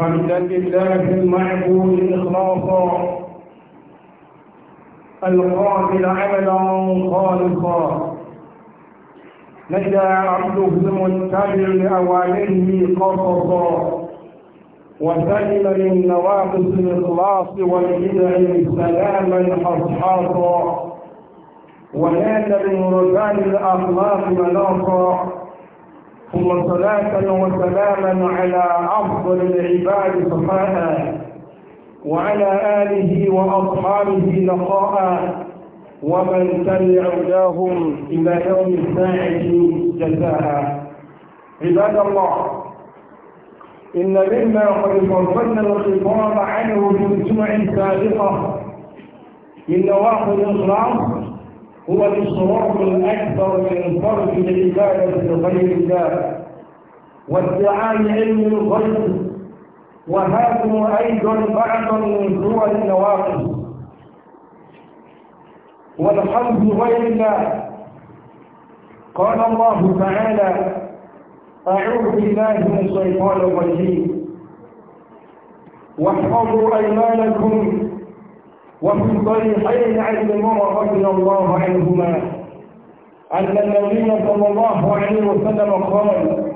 حمدا لله المعبود إخلاصا القابل عملا خالصا نجا عبده المتبع لأوامره قصصا وسلم من نواقص الإخلاص والبدع سلاما حصحاصا ونال من رجال الأخلاق مناصا ثم صلاة وسلاما على أفضل العباد صفاء وعلى آله وأصحابه لقاء ومن تبع هداهم إلى يوم الساعة جزاء عباد الله إن مما قد فضلنا الخطاب عنه في الجمع السابقة من نواقض الإخلاص هو الاشتراك الأكبر من فرد العبادة لغير الله وادعاء علم الغيب وهاكم أيضا بعض من دول النواقص والحمد غير الله قال الله تعالى أعوذ بالله من الشيطان الرجيم واحفظوا أيمانكم وفي صحيحين عن عمر رضي الله عنهما أن النبي صلى الله عليه وسلم قال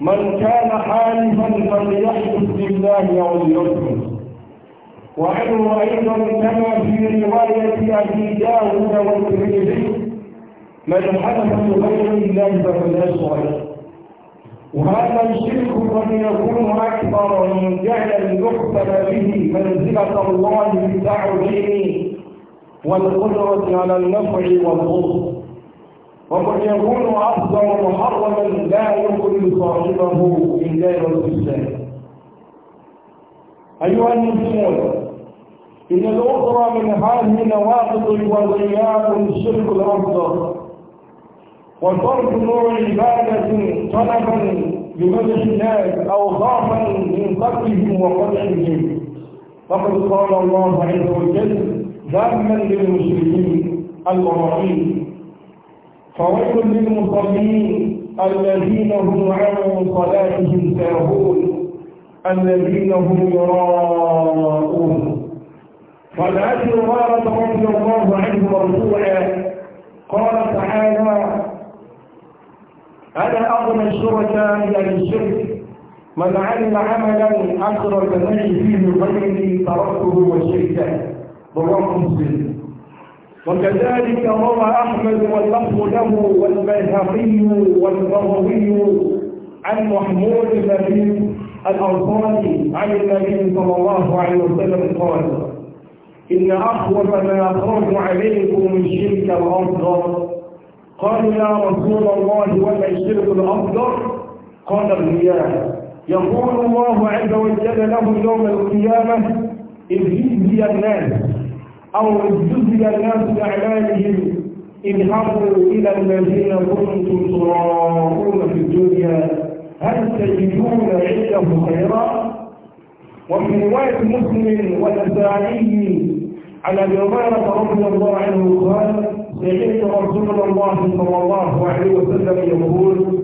من كان حالفا فليحلف بالله أو ليصمت وعنه أيضا كما في رواية أبي داود والترمذي من حلف بغير الله فليشرك وهذا الشرك قد يكون أكبر من جهل يقبل به منزلة الله في والقدرة على النفع والضر وقد يكون أفضل محرما لا يقبل صاحبه من غير الإسلام أيها المسلمون إن الأخرى من هذه النواقض وضياع الشرك الأفضل والضرب نوع عبادة طلبا لمدح الناس أو خافا من قتلهم وقتلهم فقد قال الله عز وجل ذما للمشركين المراعين فويل للمصلين الذين هم عن صلاتهم ساهون الذين هم يراءون فالعشر قال رضي الله عنه مرفوعا قال تعالى هذا أظلم الشركاء إلى الشرك من عمل عملا أشرك معي فيه غيري تركه وشركه رواه مسلم وكذلك روى أحمد واللفظ له والبيهقي والبغوي عن محمود بن الأنصاري عن النبي صلى الله عليه وسلم قال إن أخوف ما يخرج عليكم من شرك الأصغر قالوا يا رسول الله وما الشرك الأفضل قال الرياء يقول الله عز وجل له يوم القيامة إذ يجزي الناس أو جزي الناس بأعمالهم اذهبوا إلى الذين كنتم تراءون في الدنيا هل تجدون عنده خيرا وفي رواية مسلم والنسائي عن أبي هريرة رضي الله عنه قال سمعت رسول الله صلى الله عليه وسلم يقول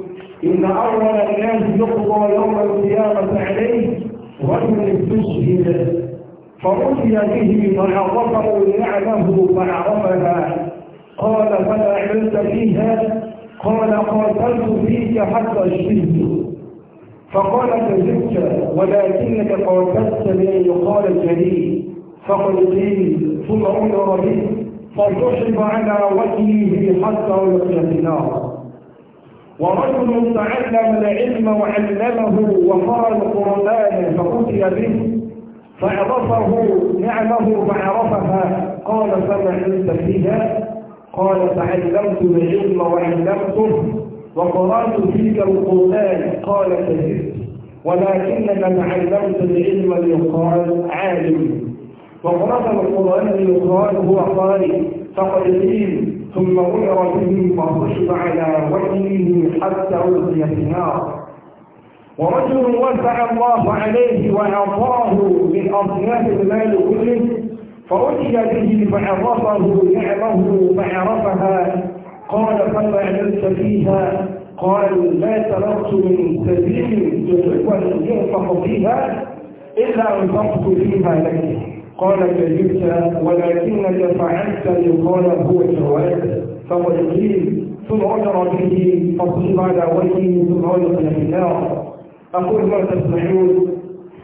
إن أول الناس يقضى يوم القيامة عليه رجل استشهد فرضي به فعرفه نعمه فعرفها قال فلا علمت فيها قال قاتلت فيك حتى شهدت فقال كذبت ولكنك قاتلت بأن يقال الجليل فقل قيل ثم أمر به فصحب على وجهه حتى يلقي النار ورجل تعلم العلم وعلمه وقرأ القرآن فأتي به فعرفه نعمه فعرفها قال فما انت فيها قال تعلمت العلم وعلمته وقرأت فيك القرآن قال كذبت ولكنك تعلمت العلم ليقال عالم وخرج القرآن يقال هو قال فقد قيل ثم أمر به فخشب على وجهه حتى ألقي في النار ورجل وسع الله عليه وأعطاه من أصناف المال كله فأتي به فعرفه نعمه فعرفها قال فما علمت فيها قال ما تركت من سبيل يطلق أن ينفق فيها إلا أنفقت فيها لك قال كذبت ولكنك فعلت يقال هو جواد فقد قيل ثم عثر به فصيب على وجهه ثم علق في النار اقول ما تسمحون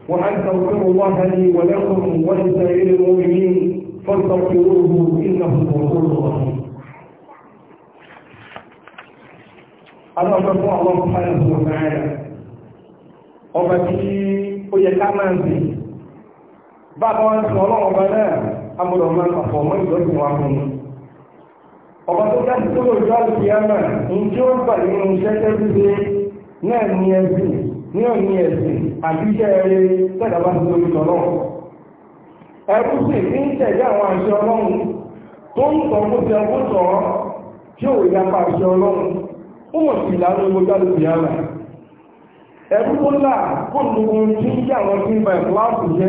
وان تغفروا الله لي ولكم ولسائر المؤمنين فاستغفروه انه الغفور الرحيم أنا أقول الله سبحانه وتعالى ويتامل به bàbá wọn sọ ọlọ́run ọba náà ìdọ́jú wa fún un ọba tó dá sí tó lòjọ́ àti àmà ń tí ó bà nínú iṣẹ́ ndị náà ní ẹ̀sìn ní òní ẹ̀sìn àbí iṣẹ́ eré tẹ́lá bá ti lórí sọ ẹkú sì tẹ̀lé àwọn àṣẹ ọlọ́run tó ń sọ ti sọ tí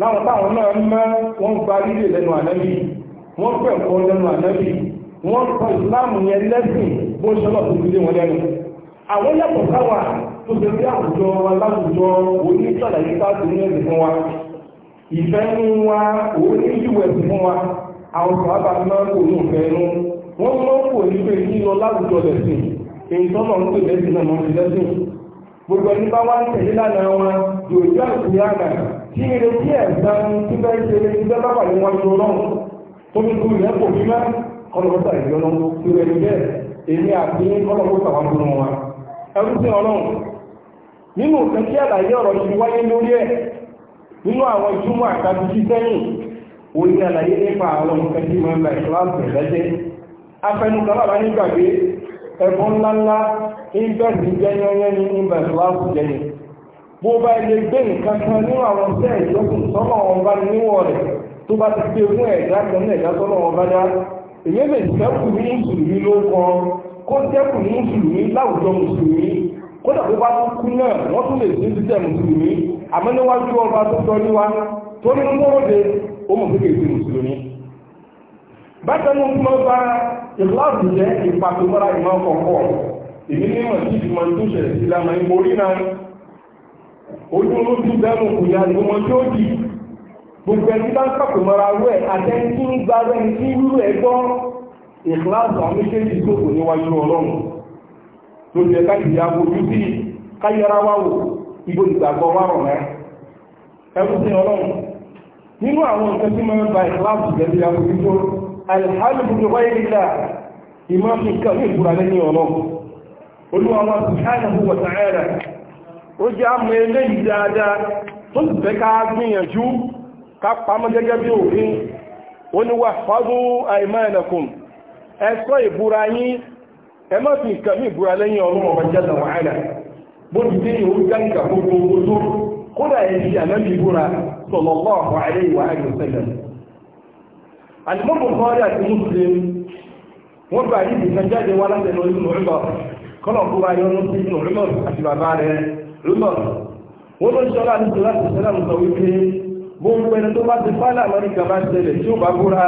láwọn táwọn náà mọ́ wọ́n gba lílè lẹ́nu ànábì wọ́n pẹ̀ kọ́ lẹ́nu ànábì wọ́n kọ ìsìláàmù yẹn lẹ́sìn bó ṣe lọ́pù sí lé wọn lẹ́nu àwọn yàtọ̀ káwà tó ṣe sí àwùjọ wa láwùjọ oníṣàlàyé sáàtì ní ẹ̀sìn fún wa ìfẹ́ ń wa òní ìwẹ̀ fún wa àwọn sọ̀rọ̀ máa ń kò ní ìfẹ́ inú wọ́n mọ́ kò ní pé kí lọ láwùjọ lẹ́sìn èyí tọ́nà ń pè lẹ́sìn náà mọ́ fi lẹ́sìn gbogbo ẹni bá wá ń tẹ̀lé lánàá wọn yóò jẹ́ àkúyà náà tí ìrètí ẹ̀gbọ́n tí bẹ́ẹ̀ ṣe lè ti bẹ́ẹ̀ bá wọn ju ọlọ́run tó fi kú kò mẹ́ ìlú ọlọ́run tí rẹ̀ níbẹ̀ èmi àti wọn dúró wọn ẹrú sí ọlọ́run nínú nǹkan tí àlàyé ọ̀rọ̀ wáyé lórí ẹ̀ nínú àwọn sí sẹ́yìn àlàyé nípa àwọn nǹkan tí ń bó bá ilé gbé nǹkan kan nínú àwọn iṣẹ́ ìjọsìn sọ́nà wọn bá ní rẹ̀ tó bá ti gbé fún ẹ̀dá kan ní ẹ̀dá sọ́nà wọn bá dá èyí lè ní mùsùlùmí ló kó ní mùsùlùmí láwùjọ mùsùlùmí bá kú náà wọ́n tún lè títẹ̀ mùsùlùmí àmọ́ níwájú ọba tó níwá bá ìláàbù jẹ́ ìpàtó mọ́ra ìmọ̀ ojú olójú bẹ́ẹ̀mù kò yá ni ọmọ tí ó di gbogbo ẹni bá ń kàpè mọ́ra rú ẹ̀ àtẹ́ntí ń gba rẹ̀ ní irú ẹ̀ gbọ́ ìkíláàsì àwọn méjèèjì tó kò níwájú ọlọ́run ojú sí káyẹra wá wò ibo ìgbàgbọ́ wá rọ̀ mẹ́ sí ọlọ́run nínú àwọn nǹkan tí máa ń ba ìkíláàsì jẹ́ ya ojú tó ní wáyé ìmọ̀ fi kàwé ìbúra lẹ́yìn ó jẹ́ àmọ́ eléyìí dáadáa tó sì fẹ́ ká gbìyànjú ká pamọ́ gẹ́gẹ́ bí òfin ó ní wà fọ́dú àìmáìnàkùn ẹ̀sọ́ ìbúra yín ẹ má ìbúra lẹ́yìn ọlọ́run ọba jẹ́ lọ́wọ́ àìlà bó ti dé ìhó gbogbo wa kó lọ́nà wọ́n ló ń sọ láti sọ láti sọ láti sọ wípé mo ń pẹ̀lú tó bá ti fálà lórí gàbá ṣẹlẹ̀ tí ó bá búra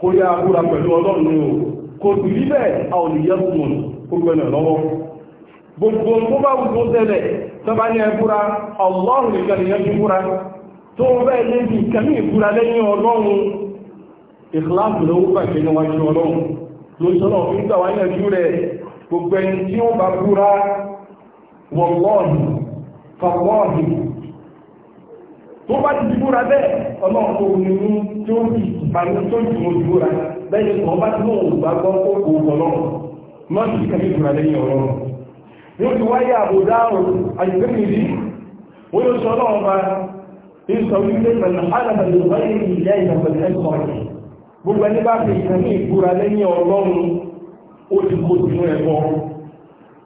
kó yá búra pẹ̀lú ọlọ́run o kò sì rí bẹ́ẹ̀ a ò lè yẹ fún un kó gbẹ̀nà lọ́wọ́ gbogbo tó bá wù tó ṣẹlẹ̀ tó bá ní ẹbúra ọlọ́run nìkan nìyẹn fi búra tó bẹ́ẹ̀ lébi ìkàmí ìbúra lẹ́yìn ọlọ́run ìkìláàbù ló wúkà ṣe níwájú ọlọ́run lóṣọ́nà fi gbà wá ẹjú rẹ̀ gbogbo ẹni tí ó bá búra wọ̀lọ́ọ̀hì fọ̀lọ́ọ̀hì tó bá ti dìbúra bẹ́ẹ̀ ọlọ́pọ̀ onírú tí ó fi ìbànú tó jùmọ̀ dìbúra bẹ́ẹ̀ ni ọba tí wọ́n gbà gbọ́ tó kò ọlọ́run mọ́tì kẹ́lẹ́ dìbúra lẹ́yìn ọlọ́run yóò ti wáyé àbòdá àyùkẹ́mìrí wọ́n yóò sọ ọlọ́run bá ń sọ wípé pẹ̀lú hálàbà lè gbogbo ẹni bá fi ìkànnì ìbúra lẹ́yìn ọlọ́run ó ti kó sínú ẹ̀kọ́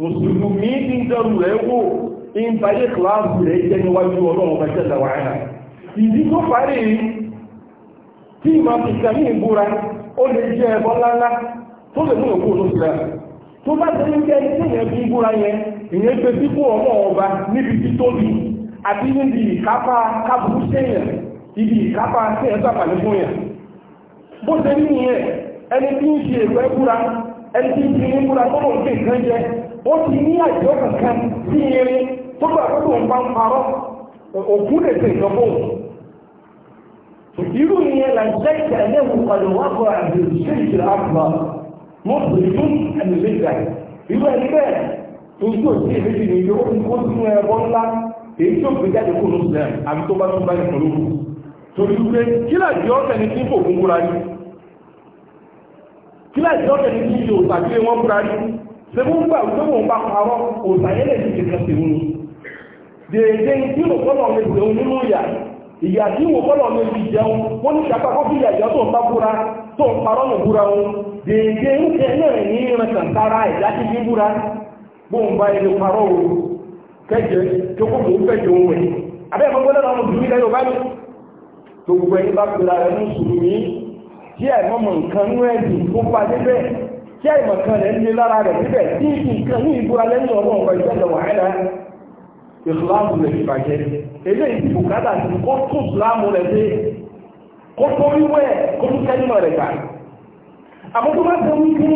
mùsùlùmí ti ń dẹrù rẹ̀ wò ń báyé kìláàbù rẹ̀ jẹ́ ọlọ́run bá jẹ́ lọ́wọ́ ìdí tó parí tí ìmọ̀ ti kàmí ìbúra ó lè jẹ́ ẹbọ ńláńlá tó lè tó bá tí ìyẹn fi búra yẹn ìyẹn ọmọ ọba níbi tí àti níbi ibi ìkápá sẹ́yìn fún yẹn bó ṣe ní ìyẹn ẹni tí ń ṣe ó ti ní àjọ kankan sí irin tó gbà pé kò ń bá ń parọ́ òkú lè ṣe ìjọba òun irú ìyẹn là ń jẹ́ ìtẹ̀lẹ́wò ọ̀lọ́wọ́gbọ̀ àbẹ̀rù sí ìṣẹ̀lẹ̀ àgbà mo pè fún ẹ̀mí lẹ́gbà irú ẹni bẹ́ẹ̀ ojú òsì èméjì ni yóò ń kó sínú ẹbọ ńlá èyí tó gbé jáde kó lóṣù náà àbí tó bá tún bá ìpínlẹ̀ òkú torí pé kíláàsì ọ̀sẹ̀ ni tí ń fò fún kúra ní kíláàsì ọ̀sẹ̀ ni tí ń yòó tàbí wọn kúra ní sẹ́fún gbà wípé wọ́n bá parọ́ òsàyẹ́lẹ̀ ti kẹta sí wọn dèédé tí wọ́n kọ́ lọ́ọ́ lè jẹun nínú ìyà ìyà tí wọ́n kọ́ lọ́ọ́ lè fi jẹun wọ́n ní sàpá kọ́ fi ìyà jọ tó ń bá búra tó ń parọ́ nù búra wọn dèédé ń kẹ́ náà ní ìrìn kàntara ìdá ti fi búra bóun bá ilé parọ́ wọn kẹjẹ tó kó mò ń fẹ́ jẹun wẹ̀ abẹ́ẹ̀ mọ́ gbọ́dọ̀ lọ́mọ tí àìmọ̀ kan rẹ̀ ń lé lára rẹ̀ síbẹ̀ tí nǹkan ní ìbúra lẹ́yìn ọmọ ọ̀pọ̀ ìjọba wàhálà ìsìláàmù rẹ̀ ti bàjẹ́ eléyìí ti bùkátà sí kó tó ìsìláàmù rẹ̀ dé kó tó wíwẹ́ kó tó kẹ́lìmọ̀ rẹ̀ gbà àkókò bá tẹ́ wípé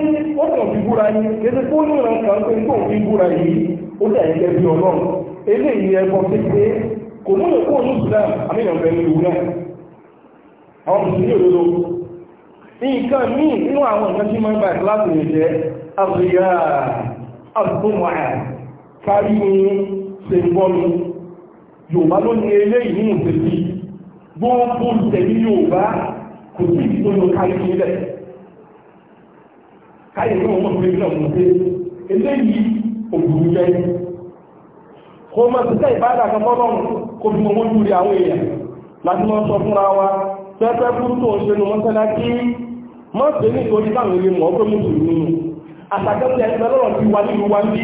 ó kàn fi búra yìí kéde kó ní ìran kan pé kó fi búra yìí ó dẹ̀ ẹgbẹ́ bí ọlọ́run eléyìí ẹbọ pípé kò mú ìkó ní ìsìláàmù àmì ìyànfẹ́ ní ìlú náà àwọn mùsùlùmí òdodo nǹkan míì nínú àwọn nǹkan tí máa ń ba ìkìláàsì rẹ̀ jẹ́ àbúyá àbúkùnwàá kárí ní ṣèǹbọ́mi yorùbá ló ní eléyìí nínú tẹ̀lé gbogbo tẹ̀lé yorùbá kò sí ìdíjọ́ lọ kárí nílẹ̀ káyẹ̀ ní ọmọ ìgbẹ́ náà mú pé eléyìí òbúrú jẹ́ kò mọ̀ síta ìbádà kan fọ́nà kò fi mọ́ lórí àwọn èèyàn láti mọ́ sọ fúnra wa tó ṣe ní mọ́sálásí mọ́ pé nítorí báwọn ilé mọ̀ pé mùsùlùmí nù àtàkẹ́sẹ̀ ẹgbẹ́ lọ́rọ̀ ti wà nínú wa ní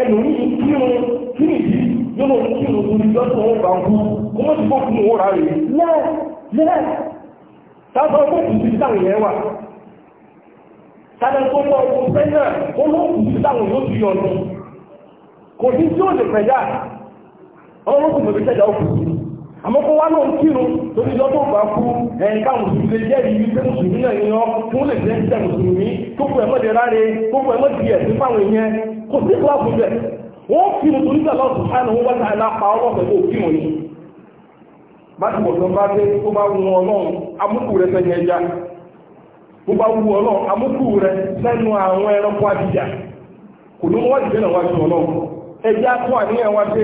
ẹnu ní kírun kí nìdí nínú kírun ní lọ́sùn ó bá ń kú kó mọ́ ti kó fún òwúrà rẹ̀ lẹ́ẹ̀ lẹ́ẹ̀ tábọ̀ ó kù sí táwọn yẹn wà tábẹ̀ tó bọ̀ ó fẹ́ náà ó ló kù sí yóò fi ọ̀nà kò sí tí ó lè pẹ̀dá ọlọ́run kò mọ̀ àmọ́kọ́ wá náà ń kírun torí lọ́dún bá kú ẹ̀ǹká mùsùlùmí lè jẹ́ ìlú pé mùsùlùmí náà yan fún lè jẹ́ ìṣẹ́ mùsùlùmí tó fún ẹ̀mọ́ dẹ̀ láre tó fún ẹ̀mọ́ di ẹ̀sìn fáwọn èèyàn kò sí ìlú àbùn bẹ̀ wọ́n kírun torí bẹ̀ lọ́sùn sáànù wọ́n ebi fún àníyàn wọn pé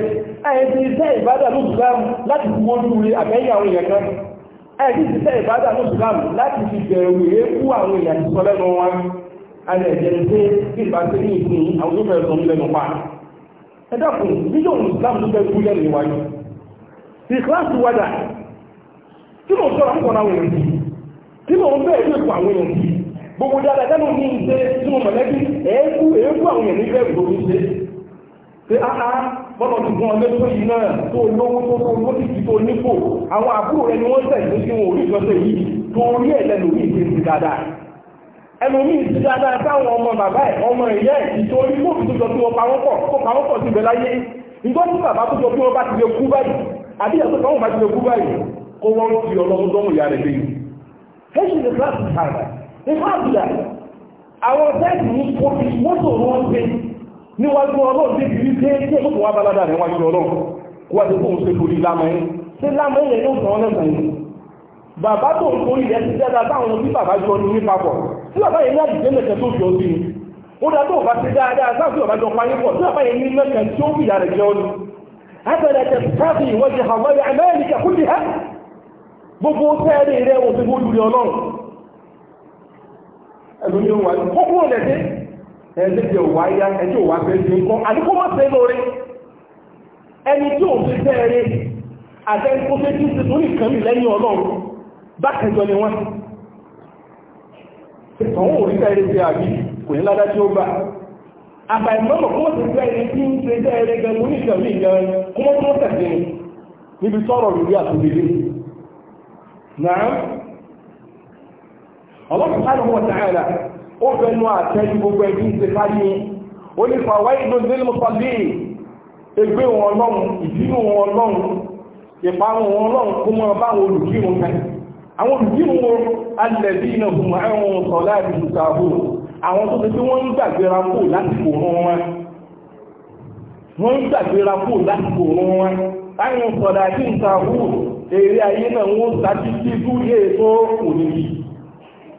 ẹ̀yìn ti iṣẹ́ ìbádà ní ìsìlámù láti fi wọ́n lúre ya àwọn èèyàn iṣẹ́ ìbádà ní ìsìlámù láti fi bẹ̀rù èékú àwọn èèyàn ti lẹ́nu wọn alẹ́ ẹ̀jẹ̀ ní pé ní ìpín àwọn tó fẹ́ lẹ́nu pa fẹ́ kú lẹ́nu tí mo gbogbo dáadáa pé áá bọ́lọ̀ ti gún ọlé tó yìí náà tó lówó tó tó ló ti tó nípò àwọn àbúrò rẹ̀ ni wọ́n tẹ̀lé sí wọn òrìṣọ́sẹ̀ yìí tó rí ẹ̀lẹ́ lórí ìṣe ti dáadáa ẹlòmí ti dáadáa táwọn ọmọ bàbá ẹ̀ ọmọ ìyá ẹ̀ ìtò orí mú òfin tó jọ tí wọ́n pawọ́pọ̀ tó pawọ́pọ̀ sí ibẹ̀ láyé ìgbọ́ tí bàbá tó jọ bí wọ́n bá ti lè kú báyìí àbí ẹ̀sọ́ táwọn bá ti lè kú báyìí kó wọ́n fi ọlọ́run dánwò ìyá rẹ̀ léyìn hẹ́sì ní kíláàsì tààrà ní fáàbùdà àwọn tẹ́ẹ̀sì ní kó fi mọ́tò wọn gbé níwájú ọlọ́run débi rí pé kí èkó tó wá balada rẹ̀ wájú ọlọ́run kó wá sí fóun ṣe torí lámọ́yìn ṣé lámọ́yìn rẹ̀ yóò sàn ọ́ lẹ́sàn yìí bàbá tó ń torí rẹ̀ ti dáadáa táwọn tí bàbá jọ ní papọ̀ tí bàbá yẹn ní àdìjẹ́ mẹ́kẹ́ tó fi ọ sí ni ó dá tó bá ti dáadáa sáà tí bàbá jọ pa yín pọ̀ tí bàbá yẹn ní mẹ́kẹ́ tí ó fìyà rẹ̀ jẹun ni abẹ́rẹ́ tẹ̀ káàfì ìwọ́jẹ hawaii amẹ́ríkà kúndì ha gbogbo sẹ́ẹ̀rì rẹ̀ òṣèlú olùrẹ̀ ọlọ́run ẹ̀lú ni ó wà ní kókó rẹ̀ ẹlẹ́jẹ̀ wá yá ẹjọ́ wá fẹ́ ṣe nǹkan àdíkó má ṣe lórí ẹni tí òun ṣe tẹ́ẹ̀rẹ́ àtẹ́kó ṣe tí ṣe tó nìkan mi lẹ́yìn ọlọ́run bákẹjọ ni wọ́n tọ̀hún òrí tẹ́ẹ̀rẹ́ ṣe àbí kò ní ládá tí ó gbà àbà ìmọ̀mọ̀ kó ti fẹ́ ẹni tí ń ṣe tẹ́ẹ̀rẹ́ gan mú nìkan mi gan kó mọ́ tó tẹ̀sí ni níbi sọ̀rọ̀ lórí àtúndìlé náà ọlọ́pàá ó fẹnu àtẹ́jú gbogbo ẹbí ṣe káyé ó ní fàwọ́ ìlú ní mùsọ̀lì ègbé wọn ọlọ́run ìdínú wọn ọlọ́run ìparun wọn ọlọ́run kó mọ́ bá àwọn olùkírun kan àwọn olùkírun wọn alẹ́bí iná hùn ẹ̀wọ̀n sọ láàbí ìṣàbò àwọn tó ti tí wọ́n ń gbàgbéra kó lásìkò rún wọn wọ́n ń gbàgbéra kó lásìkò rún wọn láwọn ayé náà wọ́n sá títí dúró ètò òní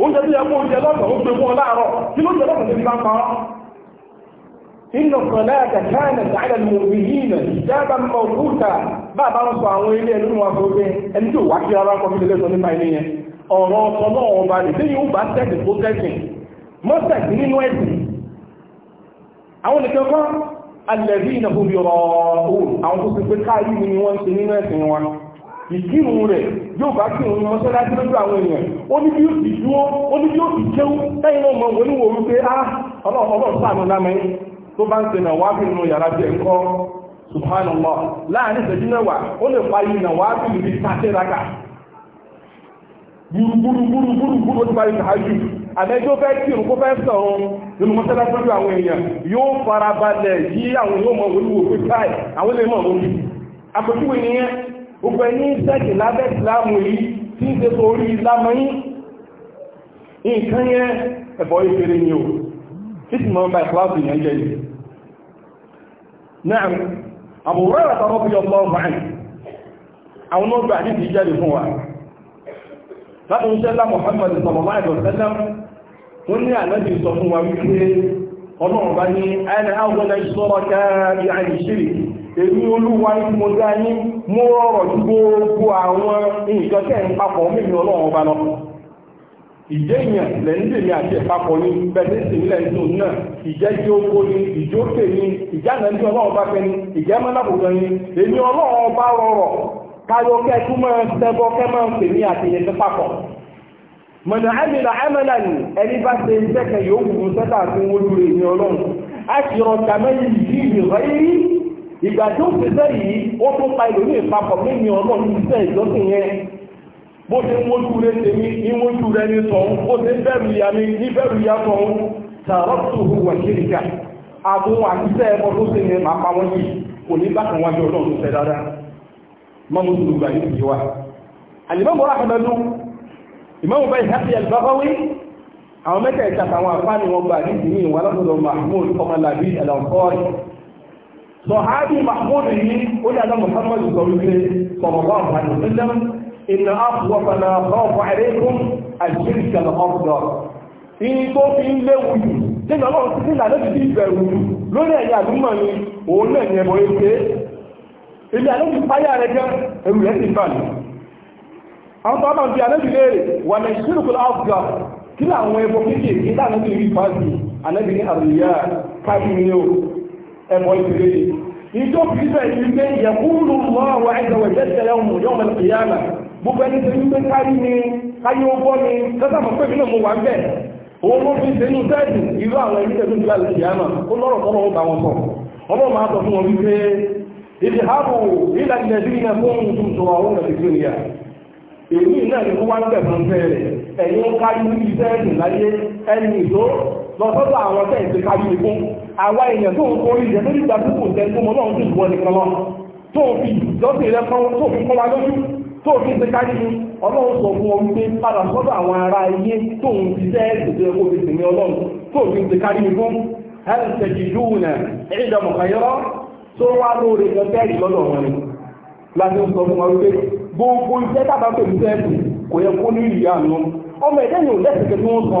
oúnjẹ tó yẹ kó oúnjẹ lọ́sàn ó gbé fún ọ láàárọ̀ tí ló jẹ lọ́sàn tó fi bá ń pa ọ́ inú kọ̀lá kàkánà dáadà ní òmìnira ìjábà mọ̀kúta bá bá ń sọ àwọn ilé ẹnu wọn tó gbé ẹni tó wá kí ara kọfí lẹ́sọ̀ nípa ilé yẹn ọ̀rọ̀ ọ̀sọ̀ náà wọn bá lè léyìn ó bá tẹ́sì kó tẹ́sì mọ́sẹ̀sì nínú ẹ̀sìn àwọn nìkan kan alẹ́bí ìnàkúbi ọ̀rọ̀ àwọn tó ti pé káàrí ni wọ́n ń ṣe nínú ẹ̀sìn wọn ìkírun rẹ̀ yóò bá kí òun mọ́sálásí lójú àwọn èèyàn ó ní bí ó sì dúó ó ní bí ó sì jẹun lẹ́yìn náà mọ̀ oníwò wípé á ah, ọlọ́ọ̀lọ́ sáànù lámẹ́ tó bá ń na nà wábí nínú yàrá jẹ ńkọ́ subhanallah láàrin ìṣẹ́jú mẹ́wàá ó lè parí nà wábí níbi tàṣẹ́raka gbúrúgbúrúgbúrúgbúrú tó parí tàájú àmẹ́jọ́ fẹ́ kírun kó fẹ́ sọ̀rọ̀ nínú mọ́sálásí lójú àwọn èèyàn yóò farabalẹ̀ yí àwọn yóò mọ̀ oníwò pé káì àwọn mọ̀ àpòjúwe nìyẹn gbogbo ẹni sẹ́kì lábẹ́ ìsìlámù yìí tí ń tẹ́sọ orí ìsìlámù yìí nǹkan yẹn ẹ̀bọ̀ ìfèrè ni o títí mọ́ bá ìsìlámù yẹn jẹ́ yìí náà àbúrẹ́ rẹ̀ tọrọ bí ọmọ ọgbàáyì àwọn ọgbà àdíjì jáde fún wa láti ń ṣẹ́lá Muhammad sallallahu alaihi wasallam wọ́n ní ànábì sọ fún wa wípé ọlọ́run bá ní ẹni èmi olúwa ní mo dá yín mo rọrọ̀ ju gbogbo àwọn nǹkan tẹ̀ ń papọ̀ mímí ọlọ́run ọba lọ ìjẹ́ èèyàn lẹ́ndèmí àti ẹ̀pápọ̀ ní bẹ̀lẹ́sì ilẹ̀ ìlú náà ìjẹ́ tí ó kó ní ìjókè ní ìjáàna ní ọlọ́run bá fẹ́ ní ìjẹ́ mọ́lábùgbọ́ ní èmi ọlọ́run bá rọrọ̀ káyọ kẹ́kú mọ́ ṣẹbọ kẹ́mọ́ pè ní àtìyẹ tó papọ̀ mọ̀nà àmìlà àmàlà ní ẹni bá ṣe iṣẹ́ kan yóò wù sẹ́tà fún olúre ní ọlọ́run á ti rọ tàmẹ́yìn yìí rẹ́yìn ìgbà tó ń ṣiṣẹ́ yìí ó tó pa ìlòmí ìpapọ̀ mímí ọ̀nà ìṣiṣẹ́ ìjọsìn yẹn bó ṣe ń mójú rẹ tèmi ní mójú rẹ ní sọ̀hún bó ṣe ń bẹ̀rù ìyá mi ní bẹ̀rù ìyá sọ̀hún tààrọ́ tó hu wà ṣíríkà àbúrò àṣìṣe ẹbọ tó ṣe ní màá pa wọ́n yìí kò ní bá kan wájú ọlọ́run fẹ́ dáadáa mọ́mú tó gbà ní ìwà àlìmọ́mù rákàmẹ́lú ìmọ́mù bá ìhàtí àlìbáfáwí àwọn mẹ́ta ìtàkà àwọn àfáàní wọn gbà ní ìdí ní ìwà lọ́sọ̀dọ̀ mahmoud ọmọlàbí ẹ̀lọ́kọ́rin sọ̀hábì mahmudu yìí sọ wípé sọ̀rọ̀lá àbúrò sílẹ̀m ìnà àfọwọ́fàlà ọ̀fọ̀ àríkún àjíríkà ọ̀dọ̀ ìyí tó fi ni ẹ̀bọ̀ ìpìlẹ̀ yìí ìjọ fífẹ́ ìpìlẹ̀ yẹ̀kúrù mọ́ àwọn àìsàwọ̀ ìjẹ́sẹ̀lẹ̀ ọmọ yọ́ mọ̀ sí yánà gbogbo ẹni tó ń gbé kárí ni káyé ó bọ́ ni sọ́sàmọ̀ pé nínú mo wà bẹ̀ owó ló èyí náà ni àwa èèyàn tó ń kórí ìjẹ́ tó nígbà tó kò tẹ́ tó mọ́ lọ́run tó ìwọ nìkan lọ tó fi lọ́sẹ̀ rẹ kan tó fi kọ́ wa lójú tó fi ṣe ká nínú ọlọ́run sọ fún ọ wípé padà sọ́dọ̀ àwọn ará ayé tó ń ṣiṣẹ́ ètò ẹ̀kọ́ fi sèmi ọlọ́run tó fi ṣe ká nínú fún ẹ̀ẹ́dẹ̀ẹ́dẹ̀ ìlú nà tó wá lóore gẹ́gẹ́ ìlọ́dọ̀ wọn ni láti sọ fún wa wípé gbogbo iṣẹ́ tábà pẹ̀lú sẹ́ẹ̀kù kò yẹ kó ní ìyá àná ọmọ ẹ̀dẹ́yìn ò lẹ́sẹ̀kẹ́ tó ń sọ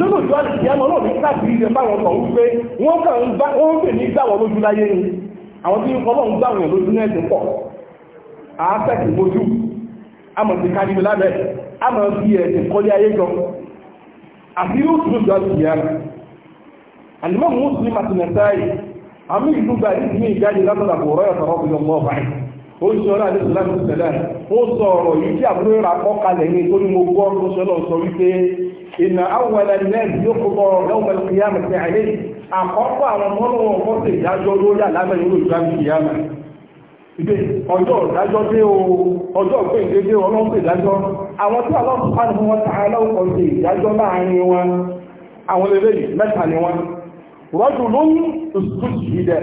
lọ́nà ìjọ àlìkìyàmọ́ náà ní káàkiri ilẹ̀ báwọn kan ń pé wọ́n kàn ń gbá wọ́n pè ní gbàwọ̀ lójú láyé ni àwọn tí ọlọ́run gbàwọ̀ lójú náà ti pọ̀ àáfẹ́kì mojú àmọ̀ ti kárí mi lábẹ́ àmọ̀ fi ẹ̀sìn kọ́lé ayé jọ àti yóò tún ìjọ àlìkìyàmọ́ àlìmọ́ mùsùlùmí àti nàìjíríà àmì ìlú gbà ní ìjáde látọ̀dà kò rọ́yọ̀ ó ń sọ láti sọ láti sẹ̀lẹ̀ ó sọ ọ̀rọ̀ yìí tí àbúrò rà kọ́ kalẹ̀ ní tó ní mo gbọ́ ó sọ lọ sọ wípé ìnà awọlẹ̀ nẹ́ẹ̀sì yóò kó bọ̀ lọ́wọ́ ìyáàmù ti àlẹ́ àkọ́kọ́ àwọn ọmọ wọn kọ́ sí ìdájọ́ lórí àlámẹ́ ìlú ìdájọ́ ìyáàmù ìgbé ọjọ́ ìdájọ́ dé o ọjọ́ ìpéǹdé dé ọlọ́pù ìdájọ́ àwọn tí àwọn ọ̀pánì fún wọn tààrà lọ́pọ̀ sí ìdájọ́ láàrin wọn àwọn lélẹ́yìn mẹ́ta ni wọn rọ́jù lóyún ìsúkú ìdẹ̀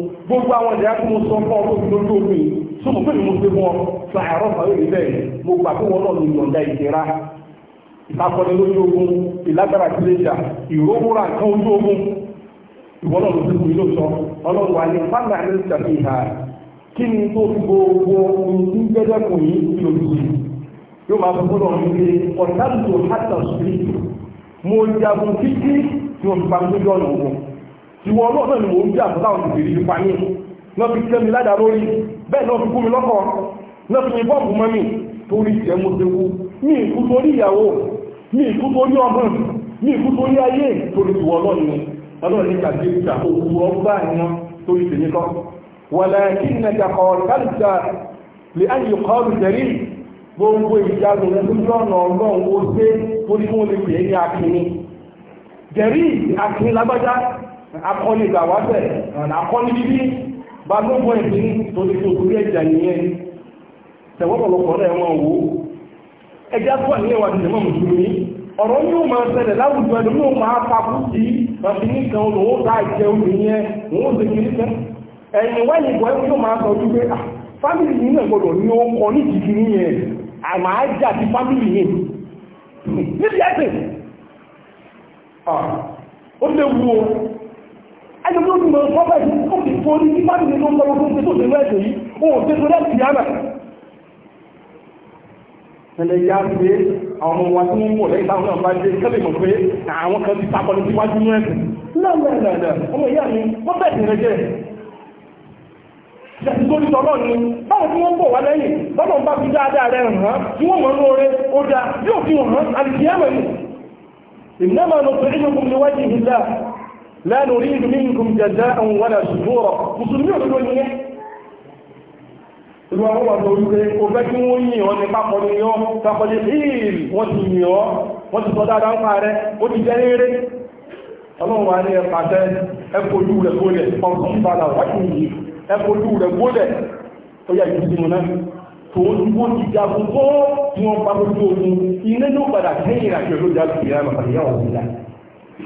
gbogbo àwọn ìyá tí mo sọ fún ọ lóṣù lójú omi tó mọ̀ pé mo ṣe mọ́ ṣàárọ̀ sàárè rí bẹ́ẹ̀ mo gbà pé wọn náà lè yọ̀ǹda ìṣẹ́ra ìtakọni lójú ogun ìlágbára tìlẹ́jà ìrókúra nǹkan ojú ogun ìwọ náà ló ti kú ilé sọ ọlọ́run wa ní fáńdà ní ṣàfihàn kí ni tó fi gbogbo ohun gbẹ́dẹ́kùn yìí fi ojú yìí yóò máa fi gbọ́dọ̀ ní pé ọ̀tá lùtò hàtà sùúrù mo jagun títí tí mo fi pa ìwọ ọlọ́ọ̀nà ni mò ń jà fún táwọn ìbèrè yìí pàmì lọ́ fi tẹ́mi ládàá lórí bẹ́ẹ̀ lọ́ fi kú mi lọ́kọ̀ lọ́ fi mi bọ́ọ̀bù mọ́ mi torí jẹ́ mo ṣe kú ní ìkú torí ìyàwó ní ìkú torí ọmọ ní ìkú torí ayé torí ìwọ ọlọ́ọ̀ni ọlọ́ọ̀ni kàdé ìjà òkú ọgbà ìwọn torí tèmi kọ́ wàlàkínàkà kọ̀ọ̀kálìta lè áyè kọ́ọ̀lù tẹ̀rí gbogbo ìjánu lọ́nà ọlọ́run ó sé torí wọ́n lè pè é ní akínní tẹ̀rí akínní lágbájá akọni gbàwábẹ̀ akọni bíbí bá gbogbo ẹ̀sìn torí tó torí ẹ̀jà nìyẹn tẹ̀wọ́pọ̀lọpọ̀ rẹ̀ wọn wò ẹjá tó àníyàn wà tẹ̀lé mùsùlùmí ọ̀rọ̀ ní o máa láwùjọ ní o máa sí nìkan ìjẹ obìnrin ó léwu ẹjọ́ tó dùn mọ́ bẹ́ẹ̀ tó ti tó ní kí máàlì tó ń lọ́wọ́ tó ń tó tẹ̀lé ẹ̀sẹ̀ yìí òun tẹ́ tó lẹ́sì yánà ẹlẹ́ ya pé àwọn ọmọ wa tí wọ́n wọ̀ lẹ́yìn táwọn náà bá dé kẹ́lẹ̀ mọ̀ pé àwọn kan ti tapọ̀ ní síwájú ní ẹ̀sẹ̀ lẹ́lẹ́lẹ́lẹ́ ọmọ ìyá mi wọ́n bẹ̀ sí rẹ̀jẹ̀ Ìjẹ́sí tó lítọ̀ náà ni, báwọn tí wọ́n bọ̀ wá lẹ́yìn, bọ́lọ̀ ń bá fi dáadáa rẹ̀ hàn, tí wọ́n mọ̀ lóore, ó dáa, yóò fi hàn, àlìkìyàmọ̀ ni. Ìnáma lọ pẹ̀lú ìgbòmìniwájì ìlà, لا نريد منكم جزاء ولا shukura mùsùlùmí الدنيا ni ẹ́ ìlú àwọn ọmọ orí pé o fẹ́ kí wọ́n yìn ọ́ ní pápọ̀ ní ọ́ pápọ̀ ní ìl wọ́n ti yìn ọ́ wọ́n ti sọ dáadáa ń pa rẹ̀ ó ti jẹ́ eré ọlọ́run wa ní ẹ̀pà tẹ́ ẹ̀kọ́jú rẹ̀ gbólẹ̀ ọ̀sán ìbàlà wájú yìí ẹ̀kọ́jú rẹ̀ gbólẹ̀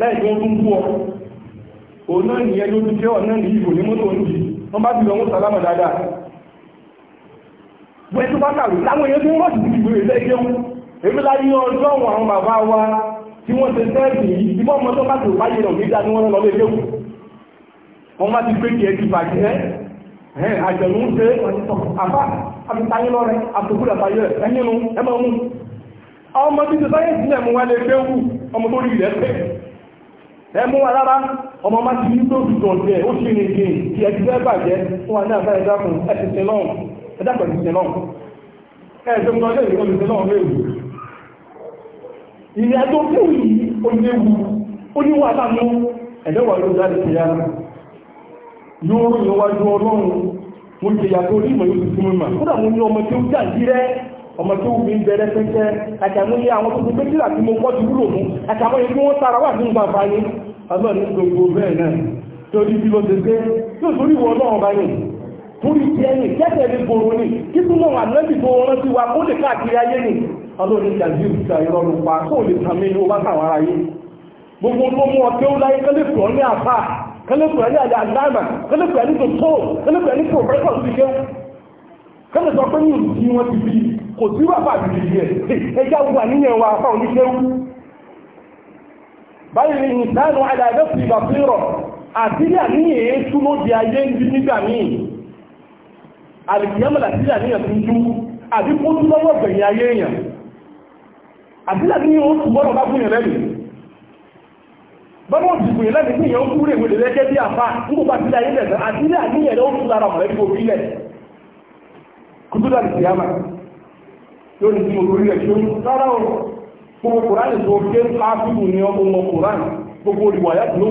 láìpẹ́ tó ń bú ọ òun náà nìyẹn ló ti fẹ́ ọ̀nà ní ìbò ní mọ́tò ń di wọ́n bá ti lọ wọ́n sálámà dáadáa bó ẹtú bá kàrù láwọn èèyàn tó ń rọ̀ sí ìgbèrè lẹ́gbẹ̀ẹ́ wọn èmi láyé ọjọ́ àwọn bàbá wa tí wọ́n ṣe sẹ́ẹ̀sì ọmọ tó rí ilẹ̀ pẹ̀lú ẹmú wa lára ọmọ máa ti yíkó ìjọ jẹ ó sì rìn gẹ̀ tí ẹ ti fẹ́ bàjẹ́ fún wa ní àgbà ẹ̀dá fún ẹ̀sìnkẹ́ náà ẹ̀dá pẹ̀lú ìṣẹ̀ náà ẹ̀ẹ́dẹ́ mú ọjọ́ ìrìn olùṣẹ́ náà léwu ìrìn àjò fún yìí ó léwu ó ní wà láàmú ẹ̀dẹ́wà ló jáde sí ya yóò rí iwájú ọlọ́run mo jẹ yàtọ̀ orí ìmọ̀ yóò ọmọ tó wù mí ń bẹ̀rẹ̀ pẹ́kẹ́ àtàmúyẹ àwọn tó ti pé kílà tí mo kọ́ ti wúlò mú àtàmúyẹ tí wọ́n sára wà nínú bàbá yín ọlọ́run ní gbogbo bẹ́ẹ̀ náà torí bí ló ṣe ṣe yóò torí wọ ọlọ́run bá yẹn torí ti ẹni kẹ́tẹ̀ ní gbòòrò ni kí tún mọ̀ ànábì tó rán sí wa kó lè káàkiri ayé ni ọlọ́run ní ìjàdí òkúta ìrọ̀rùn pa kó lè tàn ní owó àtàwọn ara yìí gbogbo tó mú ọ kéwú láyé kẹ́lẹ́ pọ̀ ní àfà kẹ́lẹ́ pọ̀ ní àjà àgbàmà kẹ́lẹ́ pọ̀ ní tòótó kẹ́lẹ́ pọ̀ ní pòfẹ́sọ̀ sí kẹ́lẹ́ sọ pé ní ìlú tí wọ́n ti fi kò sí bàbá àbìrì yẹ ẹjá gbogbo àníyàn wa báyìí ni ìdánù aláàdẹ́sì ìgbàfẹ́rọ̀ àti ní àníyàn èé túnmọ́ di ayé ń bí nígbà míì àlìkìyàmọ̀lá sí àníyàn tó ń jú àbí kó tún lọ́wọ́ gbẹ̀yìn ayé èèyàn àti àníyàn ó tún bọ́rọ̀ bá fún yẹn lẹ́nu ó kú rè wèlè bí àfá ń kó bá lórí tí orí rẹ̀ ṣe rárá ọ̀rọ̀ gbogbo kòránì tó ké áfíìmù ní ọmọ kòránì tó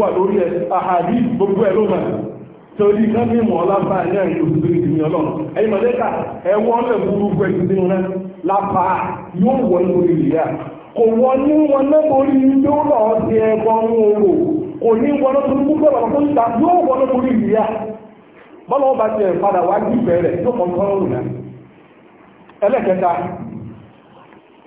wà lórí ẹ̀ àhàdí gbogbo ẹ̀ torí ká ní mọ̀ lápá ní àyè òṣìṣẹ́ ìdìmí ọlọ́run ẹ̀yìn mọ̀lẹ́kà ẹ̀wọ́n lẹ̀ burúkú ẹ̀ tuntun rẹ̀ lápá yóò wọ ìyá kò wọ ní wọn lọ sí ẹ̀gbọ́n kò ní wọn púpọ̀ tó ń ta yóò wọ ìyá bọ́lá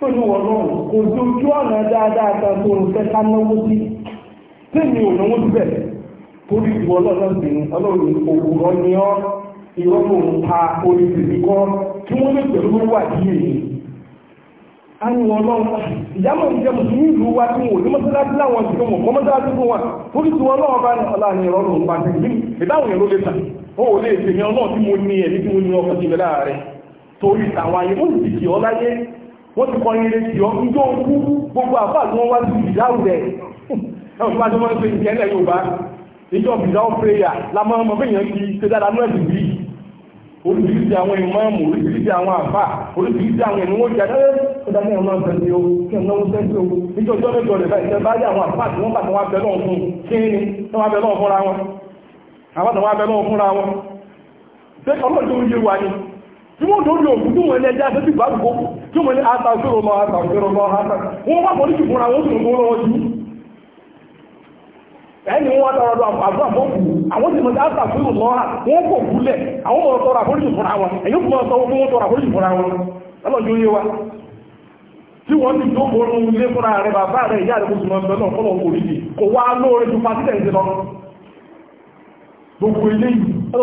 tó ní kò sí ọ̀nà dáadáa tó ń fẹ́ ká náwó sí ò náwó síbẹ̀ torí ìwọ ni ọlọ́run òwúrọ̀ ni ọ́ ìwọ́n ń pa orí kọ́ kí wọ́n lè pẹ̀lú wà èyí ọlọ́run ah, ìjẹ́ ìlú wa tí wọ́n ní láwọn ti fún wọn kọ́ mọ́sálásí fún wa torí tí wọ́n lọ́wọ́ bá ní ọlá wọ́n ti kọ́ ilé tí ọ ń jó kú gbogbo àfà tí wọ́n wá sí ìdáhùn rẹ̀ ẹ̀wọ̀n tí wọ́n ti máa ń pè ní ẹlẹ́ yorùbá ìjọ ìdáhùn péyà lámọ́ ọmọ bẹ́yàn ti ṣe dáadáa ní ẹ̀sìn bí oríṣiríṣi àwọn ìmọ̀ọ́mù oríṣiríṣi àwọn àfà oríṣiríṣi àwọn ẹ̀mí wọ́n jẹ́ ẹ̀dáni ọ̀nà ọ̀sẹ̀sẹ̀ o kí ọ̀nà ọ̀sẹ̀sẹ̀ o níjọ́ ọjọ́ mẹ́jọ rẹ̀ báyìí ṣe báyìí àwọn àfà tí wọ́n bá tàwọn abẹ́ náà fún kí ni wọ́n abẹ́ náà fúnra wọn àwọn tàwọn abẹ́ náà fúnra wọn ṣé ọlọ́jọ́ oúnjẹ wa ni tí wọ́n lórí òkú tó wọ́n ní ẹjẹ́ afẹ́fẹ́ ìgbàgbọ́ tí wọ́n ní àtàkùrọ̀ lọ àtàkùrọ̀ lọ àtàkùrọ̀ wọ́n wá pọ̀lú ìfúnra wọn tó lọ́wọ́ ẹni wọ́n tọrọ lọ àbúrà fọ́kù àwọn tí mọ̀tí àtàkùrọ̀ lọ wọ́n kò àwọn tọrọ àforí ìfúnra wọn èyí kò sọ fún wọn tọrọ wọn onye wa tí wọ́n ti tó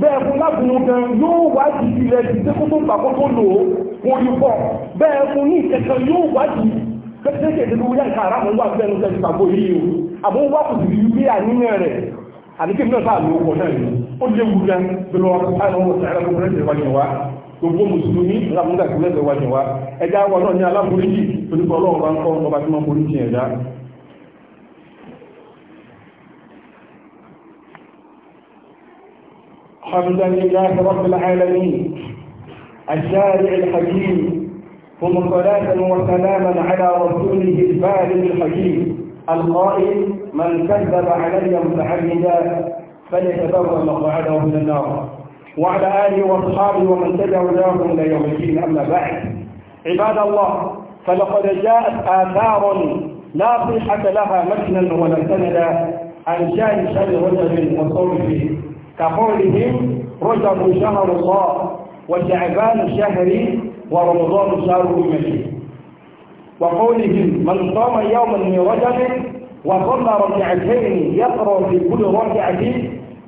bẹ́ẹ̀ fún lábùnú gan yóò wádìí ilẹ̀ ìdílé kó tó gbàgbọ́ tó lò ó kó yí pọ̀ bẹ́ẹ̀ fún ní ìkẹ̀kẹ́ yóò wádìí pẹ́tẹ́kẹ́ ìdílé wíyá nǹkan ara mọ̀ wà bẹ́ẹ̀ ló tẹ́lẹ̀ gbàgbọ́ yìí o àbó wà kò sì rí bí àníyàn rẹ̀ àdíkè náà sáà ló kọ̀ náà ni ó lé wu gan bẹ́ẹ̀ wọ́n àwọn ọmọ sàrẹ́ ló rẹ̀ tẹ̀wájú wa gbogbo mùsùlùmí alábùnú kàkúrẹ́ tẹ̀wájú wa ẹja wọn náà ní aláboríjì torí الحمد لله رب العالمين الشارع الحكيم ثم صلاة وسلاما على رسوله البالغ الحكيم القائل من كذب علي متعمدا فليتبرأ مقعده من النار وعلى آله وأصحابه ومن تبعوا لهم إلى يوم الدين أما بعد عباد الله فلقد جاءت آثار لا صيحة لها مكنا ولا سندا عن شان شر رجل وصوفه كقولهم رجب شهر الله وشعبان شهري ورمضان شهر المسيح وقولهم من صام يوما من رجب وصلى ركعتين يقرا في كل ركعه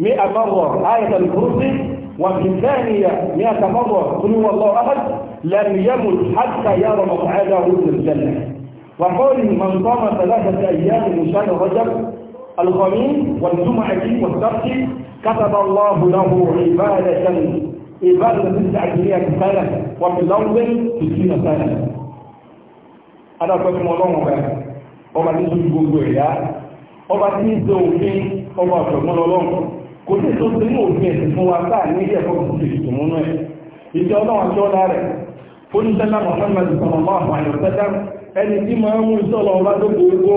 100 مره ايه الكرسي وفي الثانية مئة مرة قل هو الله أحد لم يمت حتى يرى مقعده في الجنة وقول من صام ثلاثة أيام من شهر رجب الخميس والجمعة والسبت كتب الله له عبادة عبادة تسع مئة سنة وفي الأرض ستين سنة أنا أقول لهم ọba tí sójú gbogbo ẹ̀dá ọba tí ń ṣe òfin ọba ọ̀ṣọ̀gbọ́n lọ́lọ́run kò sí tó ti mú òfin ẹ̀sìn fún wa sáà ní ilé ẹ̀kọ́ tó ti tù múnú ẹ̀ ìjọ ọlọ́run àti ọ̀la rẹ̀ fóníṣẹ́lá Muhammad sọ̀rọ̀ máa fà ní ọ̀sẹ́dá ẹni tí máa ń mú iṣẹ́ ọlọ́run bá tó gbogbo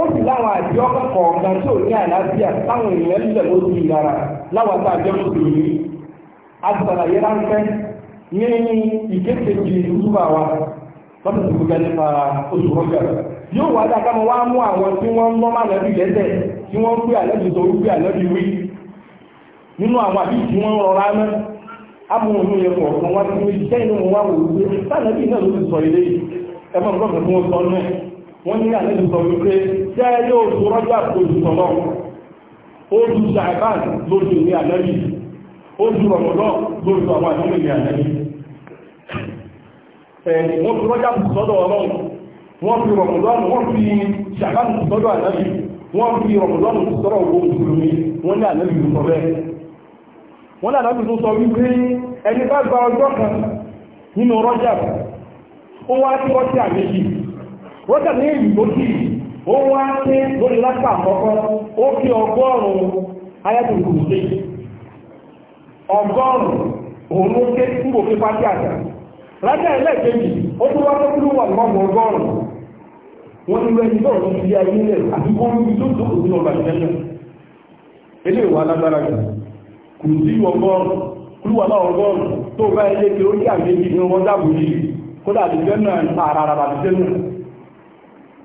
ó sì láwọn àjọ kọ̀ọ̀kan tí ò ní àlàáfíà táwọn èèyàn ń lẹ̀ lójú ìlara láwọn tá a jẹ́ mùsùlùmí a ti sàlàyé ráńpẹ́ ní ìkéde ju wa lọ́dún tó gbẹ nípa oṣù rọ́gà yóò wá dáa káwọn wá mú àwọn tí wọ́n ń lọ́ má lẹ́bí lẹ́sẹ̀ tí wọ́n ń àlẹ́bí tó àlẹ́bí wí nínú àwọn àbí tí wọ́n ń rọra ọ̀kan wá sí iṣẹ́ inú wọn wá wò ó náà ló ti sọ wọ́n ní àlejò sọ wípé jẹ́ yóò tó rọ́jà lójú sọ́lọ́ oṣù ṣàìbán ní àlẹ́bí oṣù rọ̀mọ̀lọ́ lójú àwọn àjọ́mì ní àlẹ́bí wọ́n fi rọ́jà sọ́dọ̀ ọlọ́run wọ́n fi rọ̀mọ̀lọ́nù wọ́n fi ṣàìbán sọ́dọ̀ àlẹ́bí fi owó mùsùlùmí wọ́n ní àlẹ́bí ló sọ bẹ́ẹ̀ wọ́n ní àlẹ́bí ló sọ wípé ẹni bá gba ọjọ́ kan nínú rọ́jà ó wá wọ́n dà ní ìlú tó kì ó wá ní lórí lápá àkọ́kọ́ ó kí ọgọ́rùn-ún ayẹ́tùkù sí ọgọ́rùn-ún òun ké kúrò fún pátí àjà lájà ẹlẹ́ẹ̀kejì ó tún wá tó kúrò wà lọ́gbọ̀n ọgọ́rùn-ún wọ́n ní wẹ́n tó ọ̀rọ̀ sí ayé ilẹ̀ àti gbọ́nrú tó tó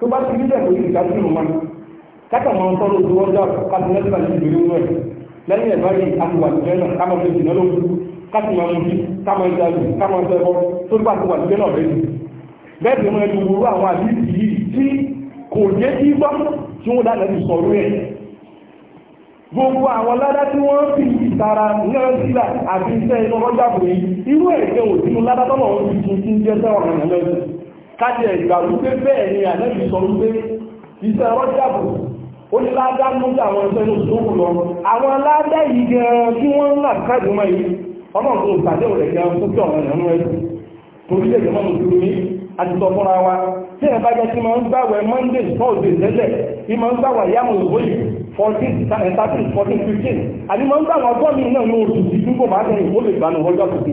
tó bá ti rí lórí ìdájú ìrùn wọn kátàwọn ọ̀tọ́ ló ti wọ́n dà kátàwọn ẹ̀ka wọn lẹ́yìn ẹ̀ báyìí fi lóko ẹ̀kọ́ tó bá rẹ̀ bẹ́ẹ̀ ni wọ́n ti àwọn àdìsí yìí tí kò yé kí gbọ́ tí wọ́n dáná ti sọ̀rọ̀ ẹ̀ gbogbo àwọn ládá tí wọ́n fi ìtara náà kájẹ ìgbà wípé bẹ́ẹ̀ ni àlẹ́bí sọ wípé iṣẹ́ rọ́jàbù ó ní ládá mú àwọn ẹgbẹ́ ní òṣòwò lọ àwọn aládá yìí gan kí wọ́n ń là mọ́ yìí ọmọ tó ń pàdé òrẹ̀ kí ìrànú ẹ̀ torí lè wa tí ẹ̀ bá jẹ́ máa ń tẹ́lẹ̀ máa ń yàmù fourteen thirteen fourteen fifteen máa ń náà ní oṣù tí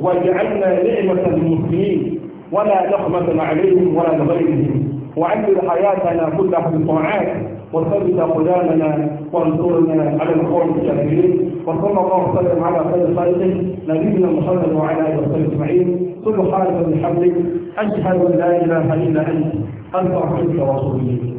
واجعلنا نعمة للمسلمين ولا نقمة عليهم ولا لغيرهم وعدل حياتنا كلها بالطاعات وثبت قدامنا وانصرنا على القوم الكافرين وصلى الله وسلم على خير خلقه نبينا محمد وعلى اله وصحبه اجمعين سبحانك بحمدك اشهد ان لا اله الا انت انت رحمتك ورسولك